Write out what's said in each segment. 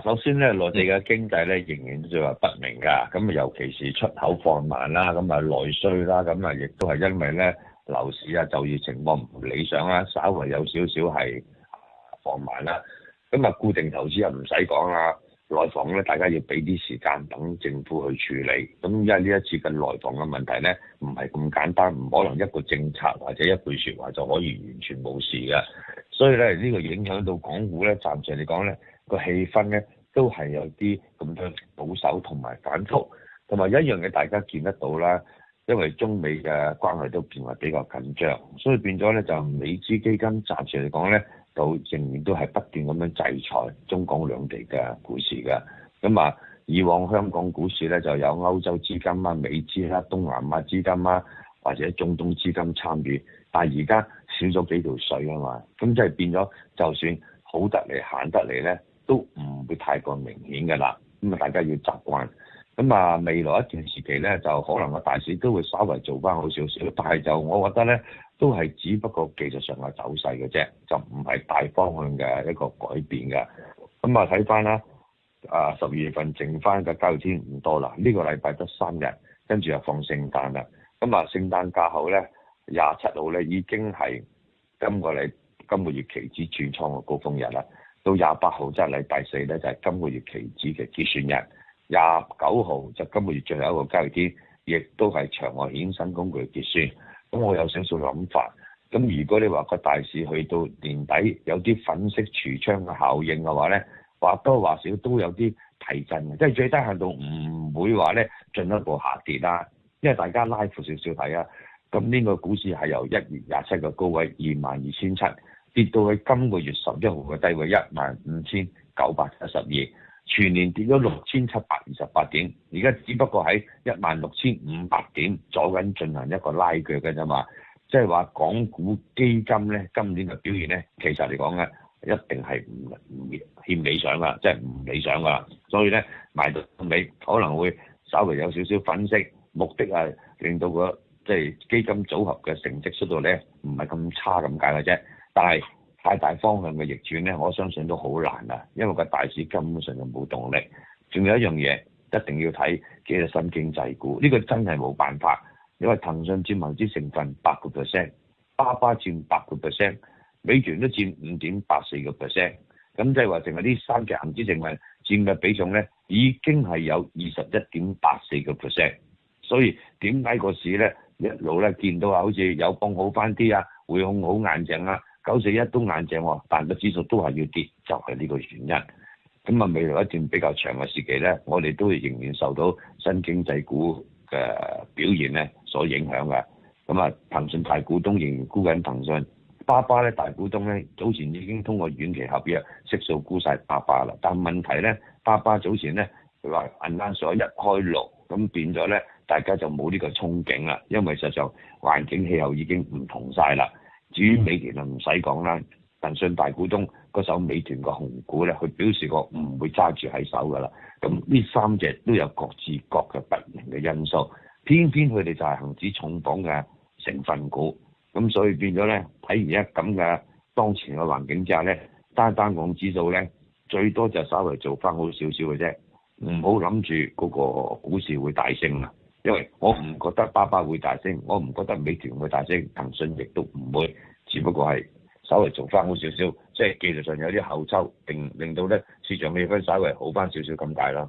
首先咧，內地嘅經濟咧仍然即係話不明㗎，咁啊，尤其是出口放慢啦，咁啊內需啦，咁啊亦都係因為咧樓市啊就業情況唔理想啦，稍為有少少係放慢啦。咁啊，固定投資又唔使講啦，內房咧，大家要俾啲時間等政府去處理。咁因為呢一次嘅內房嘅問題咧，唔係咁簡單，唔可能一個政策或者一句説話就可以完全冇事嘅。所以咧，呢個影響到港股咧，暫時嚟講咧。個氣氛咧都係有啲咁多保守同埋反覆，同埋一樣嘅大家見得到啦。因為中美嘅關係都變為比較緊張，所以變咗咧就美資基金暫時嚟講咧，就仍然都係不斷咁樣制裁中港兩地嘅股市嘅。咁啊，以往香港股市咧就有歐洲資金啊、美資啦、啊、東南亞資金啊，或者中東資金參與，但係而家少咗幾條水啊嘛，咁即係變咗，就算好得嚟行得嚟咧，都唔會太過明顯嘅啦，咁啊大家要習慣。咁啊未來一段時期咧，就可能個大市都會稍微做翻好少少，但係就我覺得咧，都係只不過技術上嘅走勢嘅啫，就唔係大方向嘅一個改變嘅。咁啊睇翻啦，啊十二月份剩翻嘅交易天唔多啦，呢個禮拜得三日，跟住又放聖誕啦。咁啊聖誕假後咧，廿七號咧已經係今個禮今個月期指轉倉嘅高峰日啦。到廿八號即係禮拜四咧，就係、是、今個月期指嘅結算日。廿九號就今個月最後一個交易天，亦都係場外衍生工具嘅結算。咁我有少少諗法。咁如果你話個大市去到年底有啲粉飾櫥窗嘅效應嘅話咧，或多或少都有啲提振嘅，即係最低限度唔會話咧進一步下跌啦、啊。因為大家拉闊少少睇啊。咁呢個股市係由一月廿七嘅高位二萬二千七。跌到去今個月十一號嘅低位一萬五千九百七十二，全年跌咗六千七百二十八點，而家只不過喺一萬六千五百點左近進行一個拉鋸嘅啫嘛。即係話港股基金咧，今年嘅表現咧，其實嚟講咧，一定係唔唔欠理想㗎，即係唔理想㗎。所以咧，買到尾可能會稍微有少少粉飾，目的係令到、個即係基金組合嘅成績速度咧，唔係咁差咁解嘅啫。但係太大方向嘅逆轉咧，我相信都好難啊！因為個大市根本上就冇動力。仲有一樣嘢一定要睇，即係新經濟股。呢個真係冇辦法，因為騰訊佔恆指成分八個 percent，巴巴佔八個 percent，美團都佔五點八四個 percent。咁即係話，成個呢三隻恆指成分佔嘅比重咧，已經係有二十一點八四個 percent。所以點解個市咧一路咧見到像啊，好似有放好翻啲啊，匯控好硬淨啊！九四一都硬淨，但個指數都係要跌，就係呢個原因。咁啊，未來一段比較長嘅時期呢，我哋都仍然受到新經濟股嘅表現呢所影響嘅。咁啊，騰訊大股東仍然沽緊騰訊，巴巴咧大股東呢，早前已經通過遠期合約悉數沽晒巴巴啦。但問題呢，巴巴早前呢，佢話銀單數一開六，咁變咗呢，大家就冇呢個憧憬啦，因為實際上環境氣候已經唔同晒啦。至於美團啊，唔使講啦，騰訊大股東嗰手美團個紅股咧，佢表示過唔會揸住喺手噶啦。咁呢三隻都有各自各嘅不明嘅因素，偏偏佢哋就係恆指重磅嘅成分股，咁所以變咗咧，睇而家咁嘅當前嘅環境之下咧，單單講指數咧，最多就稍微做翻好少少嘅啫，唔好諗住嗰個股市會大升啊！因為我唔覺得巴巴會大升，我唔覺得美團會大升，騰訊亦都唔會，只不過係稍微做翻好少少，即係技術上有啲後抽，令令到咧，市場氣氛稍微好翻少少咁大啦。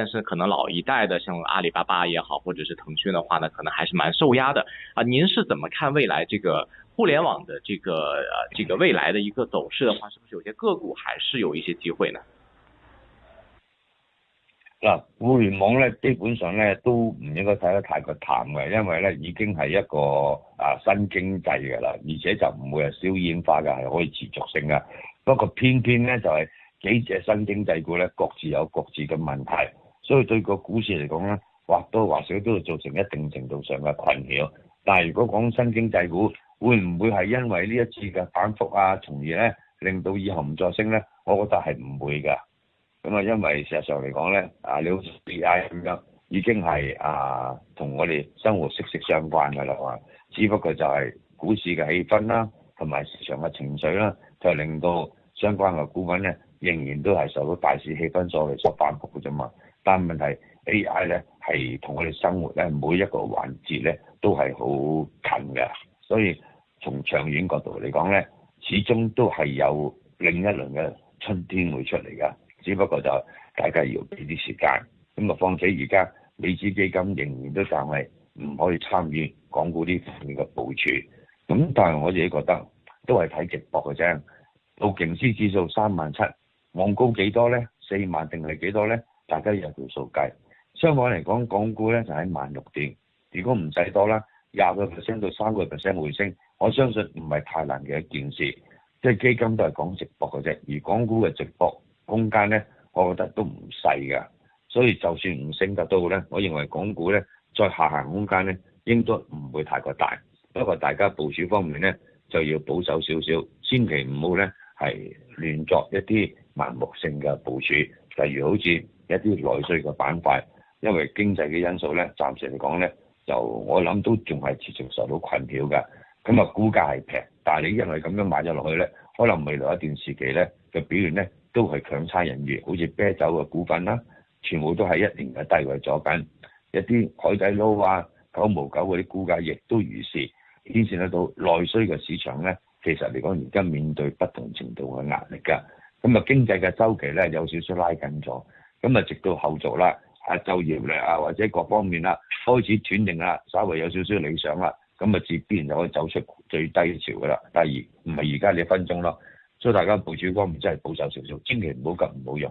但是可能老一代的，像阿里巴巴也好，或者是騰訊的話呢，可能還是蠻受壓的啊。您是怎麼看未來這個互聯網的這個、啊、這個未來的一個走勢的話，是不是有些個股還是有一些機會呢？嗱，互聯網呢，基本上呢，都唔應該睇得太過淡嘅，因為呢已經係一個啊新經濟嘅啦，而且就唔會係燒煙花嘅，係可以持續性嘅。不過偏偏呢，就係、是、幾隻新經濟股呢，各自有各自嘅問題。所以對個股市嚟講咧，或多或少都會造成一定程度上嘅困擾。但係如果講新經濟股，會唔會係因為呢一次嘅反覆啊，從而咧令到以後唔再升咧？我覺得係唔會㗎。咁啊，因為事實上嚟講咧，啊，你好似 AI 咁樣，已經係啊同我哋生活息息相關㗎啦。係嘛，只不過就係股市嘅氣氛啦，同埋市場嘅情緒啦，就是、令到相關嘅股份咧，仍然都係受到大市氣氛所謂所反覆嘅啫嘛。但問題是 A.I. 咧係同我哋生活咧每一個環節咧都係好近嘅，所以從長遠角度嚟講咧，始終都係有另一輪嘅春天會出嚟噶。只不過就大家要俾啲時間。咁啊，況且而家美資基金仍然都暫係唔可以參與港股呢方面嘅部署。咁但係我自己覺得都係睇值博嘅啫。道瓊斯指數三萬七，望高幾多咧？四萬定係幾多咧？大家有條數計，相反嚟講，港股咧就喺萬六點。如果唔使多啦，廿個 percent 到三個 percent 回升，我相信唔係太難嘅一件事。即係基金都係講值博嘅啫，而港股嘅值博空間咧，我覺得都唔細㗎。所以就算唔升得到咧，我認為港股咧再下行空間咧，應該唔會太過大。不過大家部署方面咧，就要保守少少，千祈唔好咧係亂作一啲盲目性嘅部署。例如好似一啲內需嘅板塊，因為經濟嘅因素咧，暫時嚟講咧，就我諗都仲係持續受到困擾嘅。咁啊，股價係平，但係你因為咁樣買咗落去咧，可能未來一段時期咧嘅表現咧都係強差人意。好似啤酒嘅股份啦、啊，全部都係一年嘅低位咗緊。一啲海底撈啊、九毛九嗰啲股價亦都如是，牽涉得到內需嘅市場咧，其實嚟講而家面對不同程度嘅壓力㗎。咁啊，經濟嘅周期咧有少少拉緊咗，咁啊，直到後續啦，啊就業率啊或者各方面啦開始轉型啦，稍微有少少理想啦，咁啊，自然就可以走出最低潮噶啦，但係而唔係而家呢分鐘咯，所以大家部署方面真係保守少少，千祈唔好急唔好用。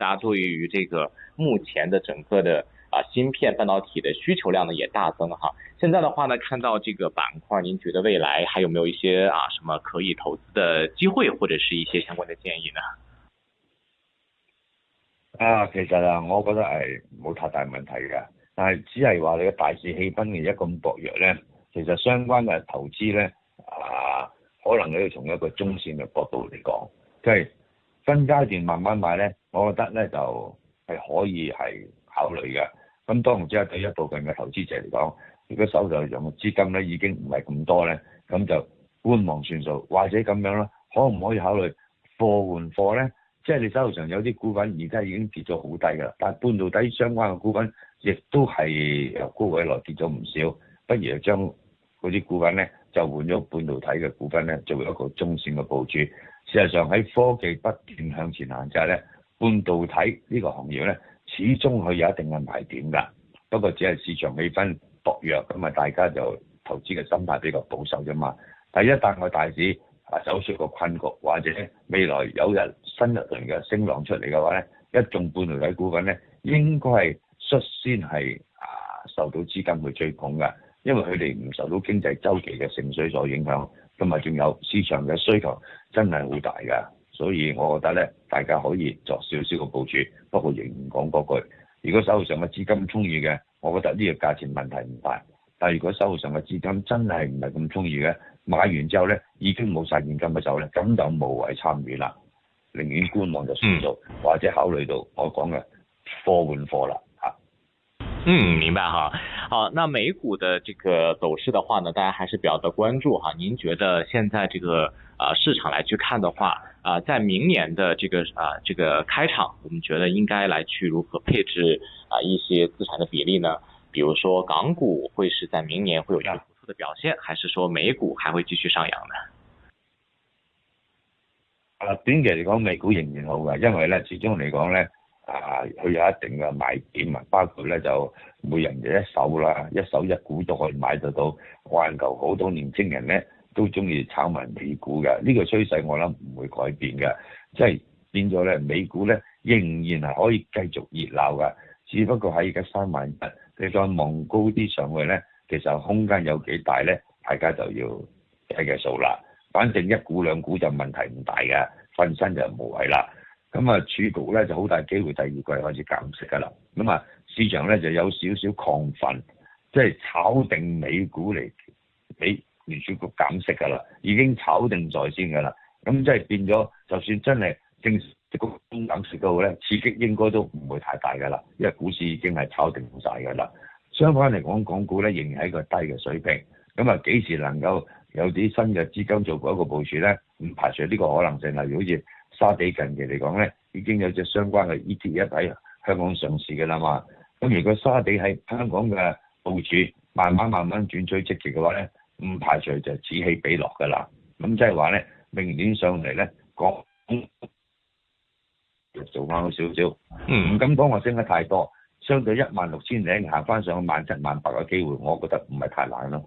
大家對於這個目前的整個的啊芯片半導體的需求量呢也大增哈，現在的話呢，看到這個板塊，您覺得未來還有沒有一些啊什麼可以投資的機會或者是一些相關的建議呢？啊，其實啦，我覺得係冇太大問題嘅，但係只係話你嘅大市氣氛而家咁薄弱呢，其實相關嘅投資呢啊，可能你要從一個中線嘅角度嚟講，即係。分階段慢慢買咧，我覺得咧就係可以係考慮嘅。咁當然之下，對一部分嘅投資者嚟講，如果手頭上嘅資金咧已經唔係咁多咧，咁就觀望算數，或者咁樣咯。可唔可以考慮貨換貨咧？即係你手頭上有啲股份，而家已經跌咗好低噶啦，但係半導體相關嘅股份亦都係由高位來跌咗唔少，不如就將嗰啲股份咧就換咗半導體嘅股份咧，做一個中線嘅部署。事實上喺科技不斷向前行，就係咧半導體呢個行業咧，始終佢有一定嘅賣點㗎。不過只係市場氣氛薄弱，咁啊大家就投資嘅心態比較保守啫嘛。但係一旦個大市啊走出個困局，或者未來有日新一輪嘅升浪出嚟嘅話咧，一眾半導體股份咧，應該係率先係啊受到資金去追捧㗎，因為佢哋唔受到經濟周期嘅盛衰所影響。咁啊，仲有市場嘅需求真係好大噶，所以我覺得咧，大家可以作少少嘅部署。不過仍然講嗰句，如果手頭上嘅資金充裕嘅，我覺得呢個價錢問題唔大。但係如果手頭上嘅資金真係唔係咁充裕嘅，買完之後咧已經冇晒現金嘅時候咧，咁就無謂參與啦，寧願觀望就算數，或者考慮到我講嘅貨換貨啦。嗯，明白哈。好，那美股的這個走勢的話呢，大家還是比較的關注哈。您覺得現在這個、呃、市場來去看的話，啊、呃，在明年的這個啊、呃、這個開場，我們覺得應該來去如何配置啊、呃、一些資產的比例呢？比如說港股會是在明年會有一個不錯的表現、啊，還是說美股還會繼續上揚呢？啊，短期嚟講，美股仍然好的、啊、因為呢，始終來講呢。啊，佢有一定嘅賣點啊，包括咧就每人就一手啦，一手一股都可以買得到。環球好多年青人咧都中意炒埋美股嘅，這個、呢個趨勢我諗唔會改變嘅，即、就、係、是、變咗咧，美股咧仍然係可以繼續熱鬧㗎。只不過喺而家三萬人，你再望高啲上去咧，其實空間有幾大咧？大家就要計計數啦。反正一股兩股就問題唔大嘅，瞓身就無謂啦。咁啊，儲局咧就好大機會第二季開始減息噶啦，咁啊市場咧就有少少亢奮，即係炒定美股嚟俾聯儲局減息噶啦，已經炒定在先噶啦，咁即係變咗，就算真係正公中減息都好咧，刺激應該都唔會太大噶啦，因為股市已經係炒定晒噶啦。相反嚟講，港股咧仍然係一個低嘅水平，咁啊幾時能夠有啲新嘅資金做過一個部署咧？唔排除呢個可能性，例如好似～沙地近期嚟講咧，已經有隻相關嘅 ETF 喺香港上市嘅啦嘛。咁如果沙地喺香港嘅部署慢慢慢慢轉趨積極嘅話咧，唔排除就此起彼落嘅啦。咁即係話咧，明年上嚟咧，講做翻少少，唔敢講話升得太多。相對一萬六千零行翻上去萬七萬八嘅機會，我覺得唔係太難咯。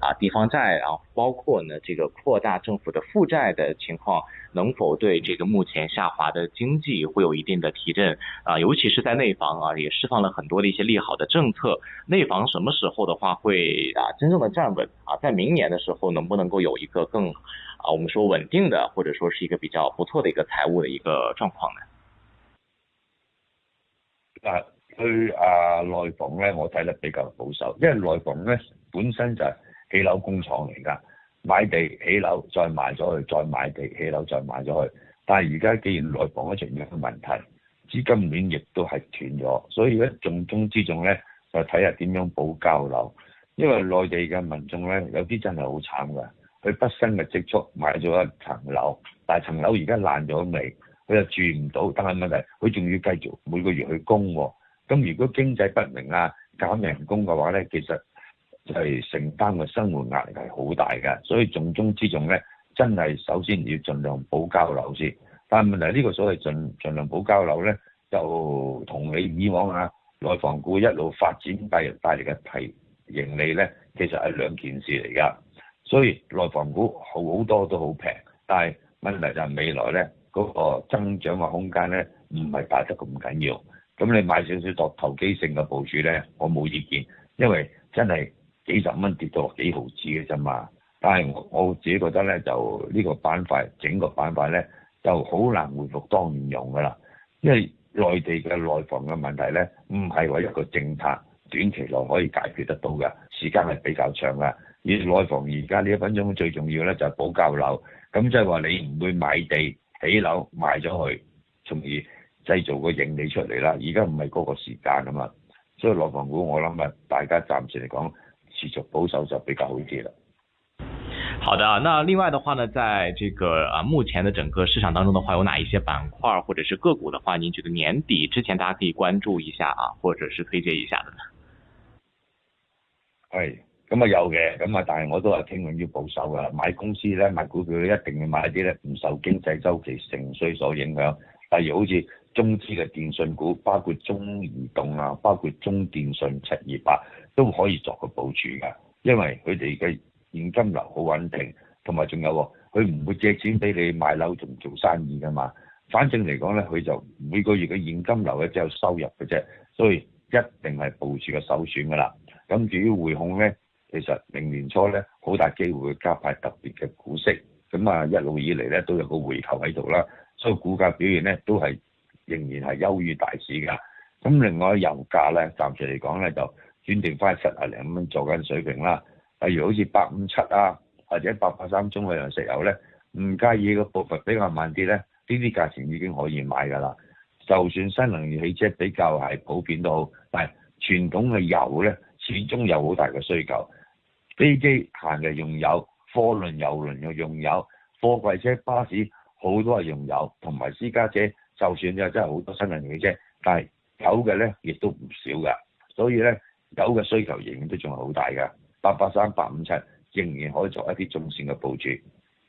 啊，地方債啊，包括呢這個擴大政府的負債的情況，能否對這個目前下滑的經濟會有一定的提振？啊，尤其是在內房啊，也釋放了很多的一些利好的政策。內房什麼時候的話會啊真正的站穩啊？在明年的時候能不能夠有一個更啊我們說穩定的或者說是一個比較不錯的一個財務的一個狀況呢？啊，對啊，內房呢我睇得比較保守，因為內房呢本身就係起樓工廠嚟噶，買地起樓，再賣咗去，再買地起樓，再賣咗去。但係而家既然內房一出現咗問題，資金鏈亦都係斷咗，所以而家重中之重咧就睇下點樣保交樓，因為內地嘅民眾咧有啲真係好慘噶，佢畢生嘅積蓄買咗一層樓，但係層樓而家爛咗尾，佢又住唔到，但係問題佢仲要繼續每個月去供，哦，咁如果經濟不明啊減人工嘅話咧，其實。就係承擔嘅生活壓力係好大嘅，所以重中之重咧，真係首先要盡量保交樓先。但係問題呢個所謂盡盡量保交樓咧，就同你以往啊內房股一路發展帶帶嚟嘅提盈利咧，其實係兩件事嚟㗎。所以內房股好多都好平，但係問題就係未來咧嗰個增長嘅空間咧，唔係大得咁緊要。咁你買少少作投機性嘅部署咧，我冇意見，因為真係。幾十蚊跌到幾毫紙嘅啫嘛，但係我自己覺得咧，就呢個板塊整個板塊咧就好難回復當年用噶啦，因為內地嘅內房嘅問題咧，唔係話一個政策短期內可以解決得到嘅，時間係比較長嘅。而內房而家呢一分鐘最重要咧就係保交樓，咁即係話你唔會買地起樓賣咗佢，從而製造個盈利出嚟啦。而家唔係嗰個時間啊嘛，所以內房股我諗啊，大家暫時嚟講，持續保守就比較好啲啦。好的，那另外的話呢，在這個啊目前的整個市場當中的話，有哪一些板塊或者是個股的話，您覺得年底之前大家可以關注一下啊，或者是推介一下的呢？係，咁、嗯、啊有嘅，咁、嗯、啊但係我都係傾向於保守㗎啦，買公司咧買股票一定要買啲咧唔受經濟周期盛衰所影響。例如好似中資嘅電信股，包括中移動啊，包括中電信七二八啊，都可以作個部署㗎，因為佢哋嘅現金流好穩定，同埋仲有喎，佢唔會借錢俾你買樓同做生意㗎嘛。反正嚟講咧，佢就每個月嘅現金流咧只有收入嘅啫，所以一定係部署嘅首選㗎啦。咁至於匯控咧，其實明年初咧好大機會加快特別嘅股息，咁啊一路以嚟咧都有個回頭喺度啦。所以股價表現咧都係仍然係優於大市嘅。咁另外油價咧，暫時嚟講咧就轉定翻七啊零蚊做緊水平啦。例如好似八五七啊，或者八八三中嘅石油咧，唔介意個步伐比較慢啲咧，呢啲價錢已經可以買㗎啦。就算新能源汽車比較係普遍都好，但係傳統嘅油咧，始終有好大嘅需求。飛機行嘅用油，貨輪、油輪又用油，貨櫃車、巴士。好多係用油，同埋私家車。就算嘅真係好多新能源嘅車，但係有嘅咧亦都唔少噶，所以咧有嘅需求仍然都仲係好大噶。八八三、八五七仍然可以做一啲中線嘅部署，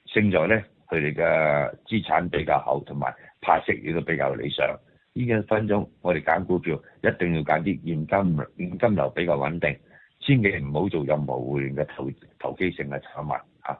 勝在咧佢哋嘅資產比較厚，同埋派息亦都比較理想。呢幾分鐘我哋揀股票，一定要揀啲現金流、現金流比較穩定，千祈唔好做任何回旋嘅投投機性嘅產物吓。